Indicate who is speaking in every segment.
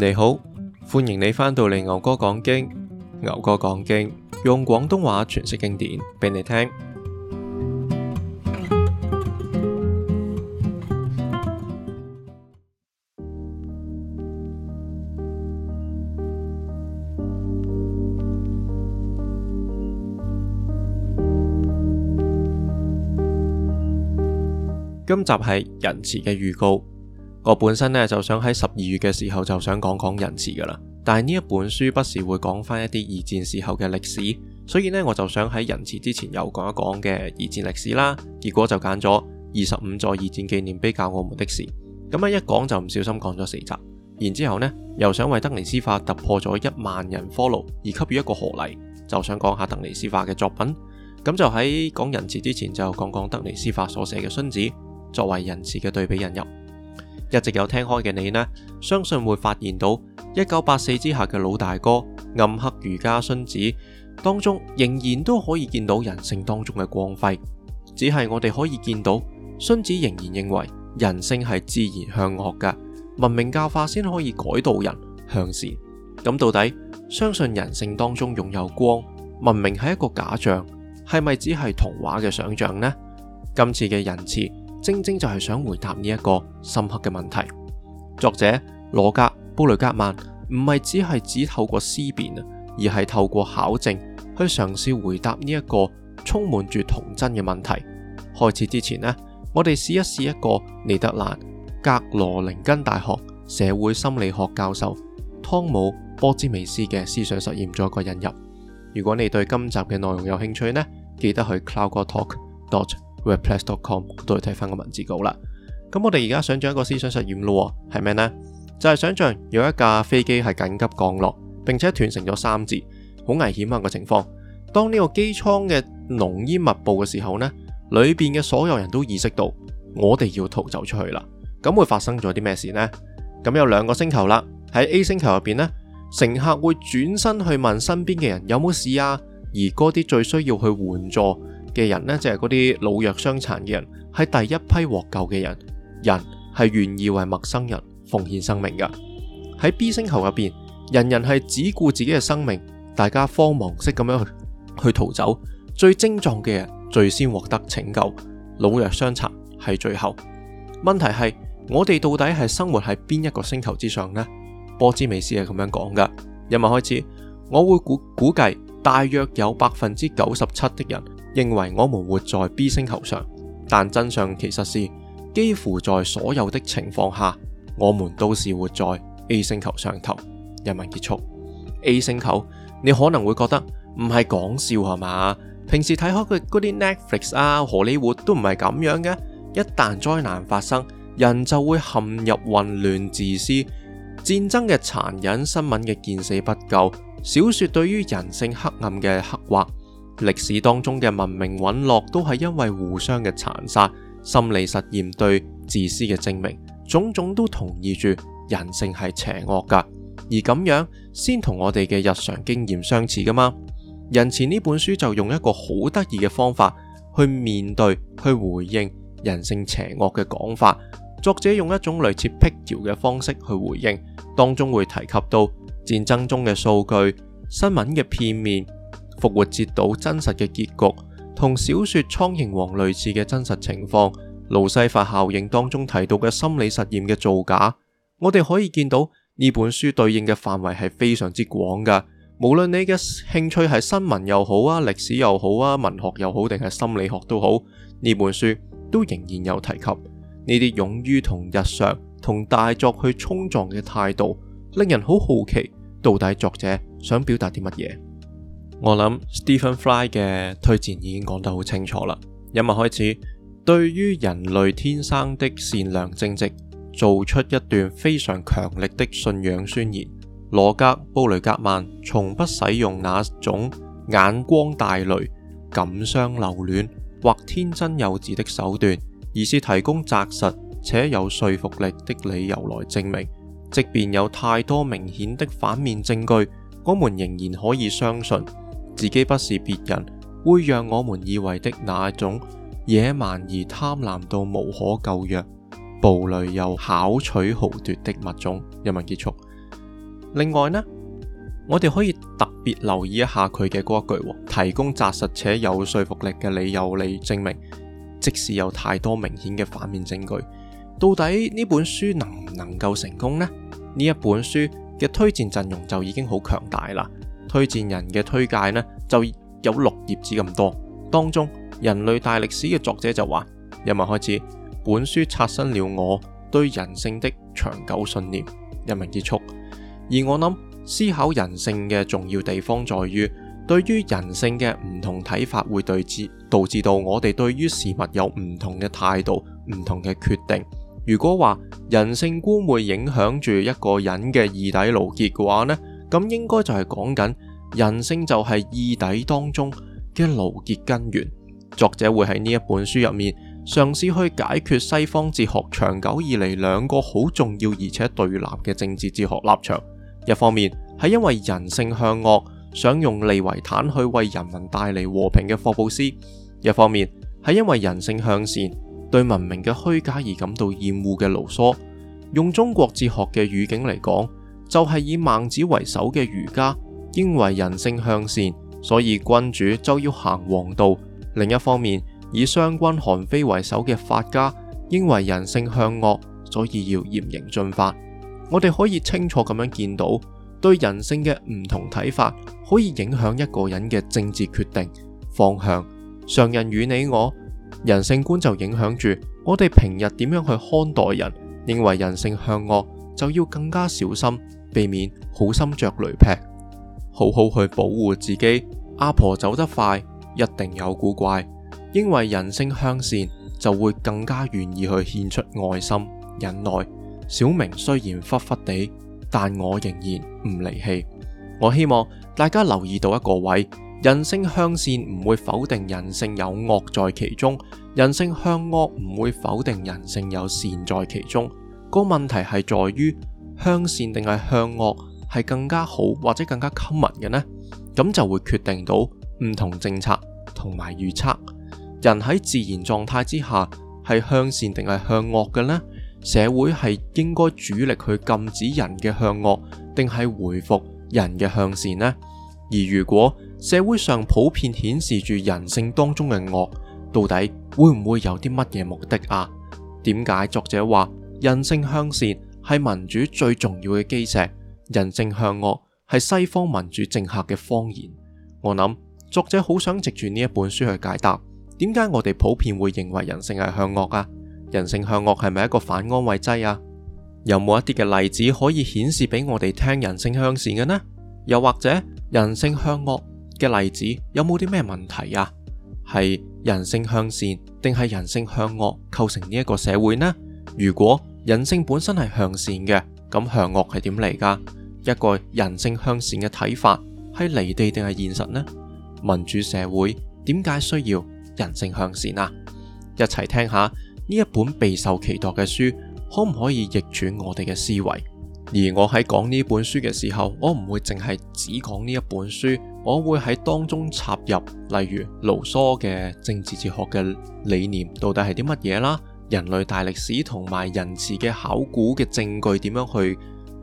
Speaker 1: 你好，歡迎你翻到嚟牛哥講經。牛哥講經用廣東話詮釋經典畀你聽。今集係人慈嘅預告。我本身咧就想喺十二月嘅時候就想講講人慈噶啦，但係呢一本書不時會講翻一啲二戰時候嘅歷史，所以呢，我就想喺人慈之前又講一講嘅二戰歷史啦。結果就揀咗二十五座二戰紀念碑教我們的事，咁啊一講就唔小心講咗四集。然之後咧又想為德尼思化突破咗一萬人 follow 而給予一個賀禮，就想講下德尼思化嘅作品。咁就喺講人慈之前就講講德尼思化所寫嘅荀子，作為人慈嘅對比引入。一直有聽開嘅你呢，相信會發現到一九八四之下嘅老大哥、暗黑儒家荀子當中，仍然都可以見到人性當中嘅光輝。只係我哋可以見到，荀子仍然認為人性係自然向惡嘅，文明教化先可以改導人向善。咁到底相信人性當中擁有光，文明係一個假象，係咪只係童話嘅想象呢？今次嘅人慈。正正就係想回答呢一個深刻嘅問題。作者羅格布雷格曼唔係只係只透過思辨，而係透過考證，去嘗試回答呢一個充滿住童真嘅問題。開始之前呢，我哋試一試一個尼德蘭格羅寧根大學社會心理學教授湯姆波茲美斯嘅思想實驗做一個引入。如果你對今集嘅內容有興趣呢，記得去 cowgortalk.com。wordpress.com，都嚟睇翻個文字稿啦。咁我哋而家想象一個思想實驗咯，係咩呢？就係想象有一架飛機係緊急降落，並且斷成咗三截，好危險啊，個情況。當呢個機艙嘅濃煙密布嘅時候呢，裏邊嘅所有人都意識到我哋要逃走出去啦。咁會發生咗啲咩事呢？咁有兩個星球啦，喺 A 星球入邊呢，乘客會轉身去問身邊嘅人有冇事啊，而嗰啲最需要去援助嘅人呢，就係嗰啲老弱傷殘嘅人，係第一批獲救嘅人。人係願意為陌生人奉獻生命嘅。喺 B 星球入邊，人人係只顧自己嘅生命，大家慌忙式咁樣去逃走。最精壯嘅人最先獲得拯救，老弱傷殘係最後。問題係我哋到底係生活喺邊一個星球之上呢？波茲美斯係咁樣講嘅。因為開始我會估估計大約有百分之九十七的人。認為我們活在 B 星球上，但真相其實是幾乎在所有的情況下，我們都是活在 A 星球上頭。人民結束 A 星球，你可能會覺得唔係講笑係嘛？平時睇開佢嗰啲 Netflix 啊、荷里活都唔係咁樣嘅。一旦災難發生，人就會陷入混亂、自私、戰爭嘅殘忍、新聞嘅見死不救、小說對於人性黑暗嘅刻畫。歷史當中嘅文明隕落都係因為互相嘅殘殺、心理實驗對自私嘅證明，種種都同意住人性係邪惡噶。而咁樣先同我哋嘅日常經驗相似噶嘛？人慈呢本書就用一個好得意嘅方法去面對、去回應人性邪惡嘅講法。作者用一種類似辟謠嘅方式去回應，當中會提及到戰爭中嘅數據、新聞嘅片面。復活節島真實嘅結局，同小說《蒼蠅王》類似嘅真實情況，路西法效應當中提到嘅心理實驗嘅造假，我哋可以見到呢本書對應嘅範圍係非常之廣㗎。無論你嘅興趣係新聞又好啊，歷史又好啊，文學又好定係心理學都好，呢本書都仍然有提及。呢啲勇於同日常同大作去衝撞嘅態度，令人好好奇到底作者想表達啲乜嘢。我諗 Stephen Fry 嘅推薦已經講得好清楚啦。音樂開始，對於人類天生的善良正直，做出一段非常強力的信仰宣言。羅格布雷格曼從不使用那種眼光帶淚、感傷留戀或天真幼稚的手段，而是提供紮實且有說服力的理由來證明。即便有太多明顯的反面證據，我們仍然可以相信。自己不是別人，會讓我們以為的那種野蠻而貪婪到無可救藥、暴戾又巧取豪奪的物種。引文結束。另外呢，我哋可以特別留意一下佢嘅嗰一句：提供扎實且有說服力嘅理由嚟證明，即使有太多明顯嘅反面證據，到底呢本書能唔能夠成功呢？呢一本書嘅推薦陣容就已經好強大啦。推薦人嘅推介呢，就有六頁紙咁多。當中《人類大歷史》嘅作者就話：一文開始，本書刷新了我對人性的長久信念。一文結束。而我諗，思考人性嘅重要地方在於，在於對於人性嘅唔同睇法會導致導致到我哋對於事物有唔同嘅態度、唔同嘅決定。如果話人性觀會影響住一個人嘅意底牢結嘅話呢？咁應該就係講緊人性就係義底當中嘅勞結根源。作者會喺呢一本書入面嘗試去解決西方哲學長久以嚟兩個好重要而且對立嘅政治哲學立場。一方面係因為人性向惡，想用利維坦去為人民帶嚟和平嘅霍布斯；一方面係因為人性向善，對文明嘅虛假而感到厭惡嘅盧梭。用中國哲學嘅語境嚟講。就係以孟子為首嘅儒家，因為人性向善，所以君主就要行王道；另一方面，以商君韓非為首嘅法家，因為人性向惡，所以要嚴刑峻法。我哋可以清楚咁樣見到，對人性嘅唔同睇法，可以影響一個人嘅政治決定方向。常人與你我，人性觀就影響住我哋平日點樣去看待人。認為人性向惡，就要更加小心。避免好心着雷劈，好好去保護自己。阿婆走得快，一定有古怪。因為人性向善，就會更加願意去獻出愛心、忍耐。小明雖然忽忽地，但我仍然唔離棄。我希望大家留意到一個位，人性向善唔會否定人性有惡在其中，人性向惡唔會否定人性有善在其中。個問題係在於。向善定係向惡係更加好或者更加親密嘅呢？咁就會決定到唔同政策同埋預測。人喺自然狀態之下，係向善定係向惡嘅呢？社會係應該主力去禁止人嘅向惡，定係回復人嘅向善呢？而如果社會上普遍顯示住人性當中嘅惡，到底會唔會有啲乜嘢目的啊？點解作者話人性向善？係民主最重要嘅基石，人性向惡係西方民主政客嘅謊言。我諗作者好想藉住呢一本書去解答，點解我哋普遍會認為人性係向惡啊？人性向惡係咪一個反安慰劑啊？有冇一啲嘅例子可以顯示俾我哋聽人性向善嘅呢？又或者人性向惡嘅例子有冇啲咩問題啊？係人性向善定係人性向惡構成呢一個社會呢？如果人性本身係向善嘅，咁向惡係點嚟噶？一個人性向善嘅睇法係離地定係現實呢？民主社會點解需要人性向善啊？一齊聽下呢一本備受期待嘅書，可唔可以逆轉我哋嘅思維？而我喺講呢本書嘅時候，我唔會淨係只講呢一本書，我會喺當中插入，例如盧梭嘅政治哲學嘅理念到底係啲乜嘢啦？人類大歷史同埋人前嘅考古嘅證據點樣去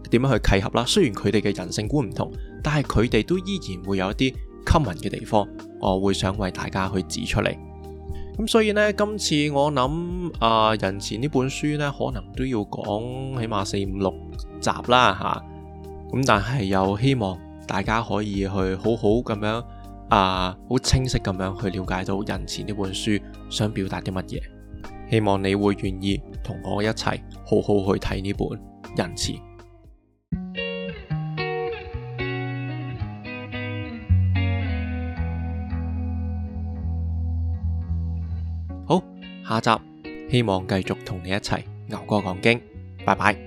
Speaker 1: 點樣去契合啦？雖然佢哋嘅人性觀唔同，但係佢哋都依然會有一啲吸 o 嘅地方，我會想為大家去指出嚟。咁所以呢，今次我諗啊、呃，人前呢本書呢，可能都要講起碼四五六集啦，吓、啊。咁但係又希望大家可以去好好咁樣啊，好、呃、清晰咁樣去了解到人前呢本書想表達啲乜嘢。希望你會願意同我一齊好好去睇呢本《人慈》。好，下集希望繼續同你一齊牛哥講經，拜拜。